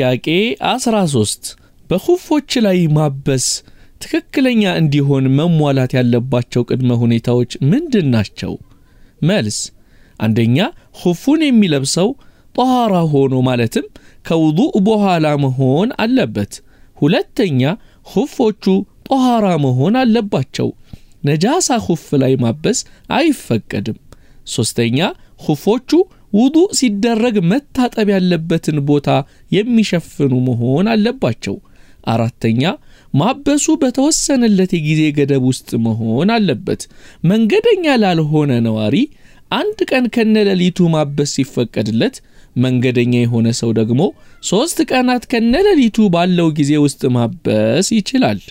ጥያቄ 13 በኹፎች ላይ ማበስ ትክክለኛ እንዲሆን መሟላት ያለባቸው ቅድመ ሁኔታዎች ምንድን ናቸው? መልስ፣ አንደኛ ኹፉን የሚለብሰው ጠኋራ ሆኖ ማለትም ከውዱእ በኋላ መሆን አለበት። ሁለተኛ ኹፎቹ ጠኋራ መሆን አለባቸው። ነጃሳ ኹፍ ላይ ማበስ አይፈቀድም። ሦስተኛ ኹፎቹ ውዱእ ሲደረግ መታጠብ ያለበትን ቦታ የሚሸፍኑ መሆን አለባቸው። አራተኛ ማበሱ በተወሰነለት የጊዜ ገደብ ውስጥ መሆን አለበት። መንገደኛ ላልሆነ ነዋሪ አንድ ቀን ከነለሊቱ ማበስ ሲፈቀድለት፣ መንገደኛ የሆነ ሰው ደግሞ ሦስት ቀናት ከነለሊቱ ባለው ጊዜ ውስጥ ማበስ ይችላል።